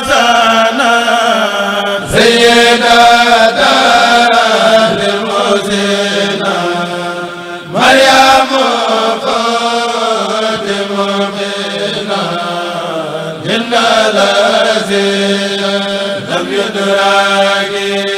لا لم يدرك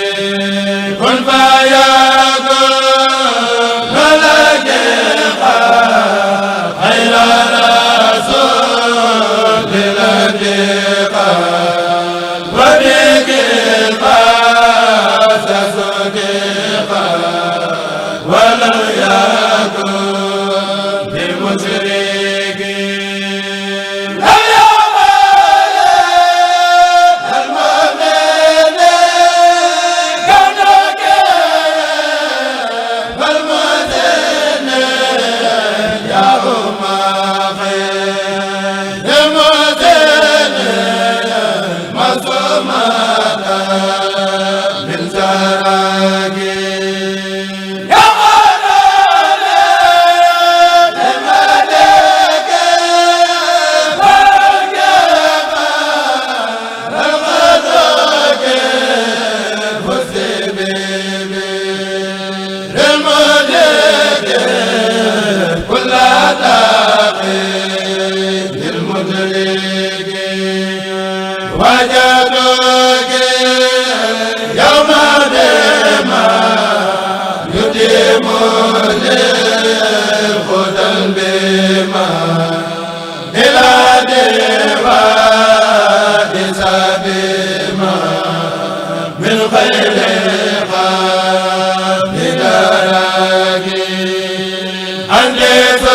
ande fa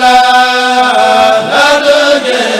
la la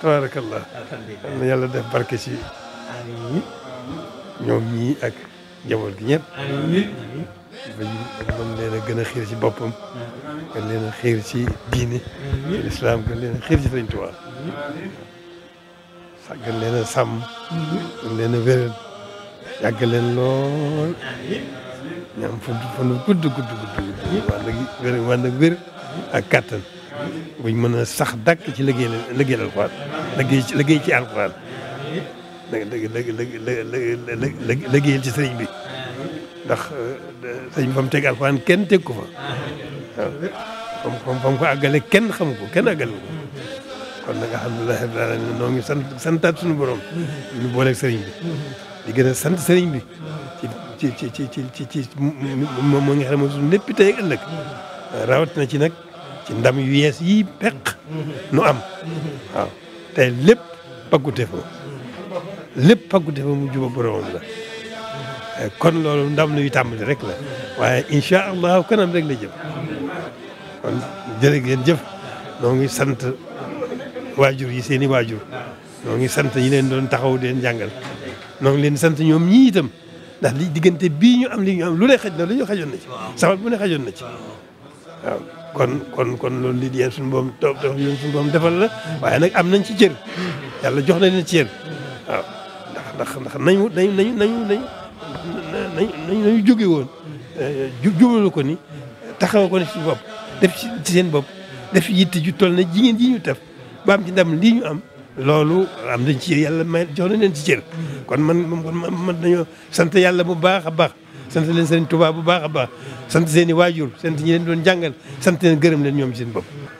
tabarakallah na yàlla def barke ci ñoom ñii ak njaboot gi ñëpp bañ mën leen a gën a xiir ci boppam gën leen a xiir ci diine ci lislaam gën leen xiir ci Sëriñ Tuubaa yàggal leen a sàmm. yàggal leen a wéral yàggal leen lool. ñu gudd gudd gudd gudd. wàll gi wér wàll wér ak kattan. buñ mën a sax dàkk ci liggéey liggéeyal alxuraan liggéey ci liggéey ci alxuraan. liggéeyal ci sëriñ bi. ndax eh, sëriñ bi fa mu teg alxuraan kenn teg ko fa. waaw fa mu ko àggale kenn xamu ko kenn àggale ko. kon nag sant santaat suñu borom. ñu booleeg sëriñ bi. di ci ci ci moo ngi lépp tey ak ci nag ci ndam yu yees yi peq. nu am. waaw fa. lépp pàggute fa mu la. kon loolu ndam luy tàmbali rek la waaye incha allah kanam rek la jëm kon jërë ngeen jëf noo ngi sant. waajur yi seen i waajur noo ngi sant yi leen doon taxaw di leen jàngal noo leen sant ñoom ñii itam ndax li diggante bii ñu am li am lu ne xaj na lu xajoon na ci sabab bu ne xajoon na ci kon kon kon loolu li yéen suñu boom toog toog yéen suñu boom defal la waaye nag am nañ ci cër yàlla jox na leen ci cër waaw ndax ndax nañu nañu nañu nañu nañu nañu jóge woon eh, jublu ko ni taxaw ko ni ci bopp def ci seen bopp def yitte ju toll na jigéen ji ñu taf ba am ci ndam lii ñu am loolu am nañ ci yàlla may jox nañ leen ci cër kon man kon man dañoo sant yàlla bu baax a baax sant leen sëriñ Tuubaa bu baax a baax sant seen i waajur sant ñi leen doon jàngal sant leen gërëm leen ñoom seen bopp